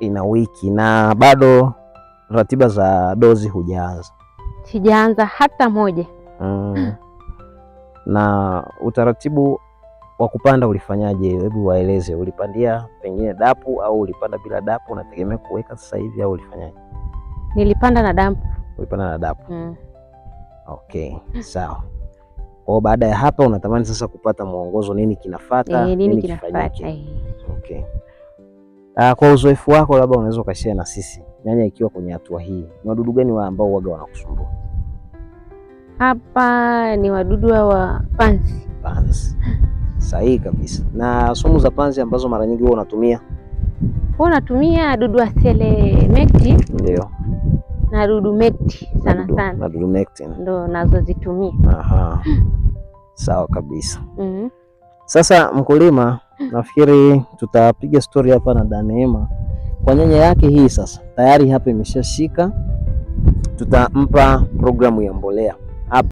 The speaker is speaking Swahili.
Ina wiki na bado ratiba za dozi hujaanza? Sijaanza hata moja. Mm. na utaratibu wa kupanda ulifanyaje? Hebu waeleze, ulipandia pengine dapu au ulipanda bila dapu, unategemea kuweka sasa hivi au ulifanyaje? Nilipanda na dapu. Ulipanda na dapu. Mm. Okay, sawa. Kwa baada ya hapa unatamani sasa kupata mwongozo, nini kinafuata, e, eh, nini, nini kinafuata. Eh. Okay. Uh, kwa uzoefu wako labda unaweza ukashare na sisi, nyanya ikiwa kwenye hatua hii, ni wadudu gani wa ambao waga wanakusumbua hapa? Ni wadudu wa panzi. Panzi, sahihi kabisa. Na sumu za panzi ambazo mara nyingi huwa unatumia huwa unatumia dudu wa ndio na dudu mekti sana dudu, sana na dudu mekti ndo nazozitumia. Aha, sawa kabisa. mm -hmm. Sasa mkulima nafikiri tutapiga stori hapa na Daneema kwa nyanya yake hii. Sasa tayari hapa imeshashika, tutampa programu ya mbolea.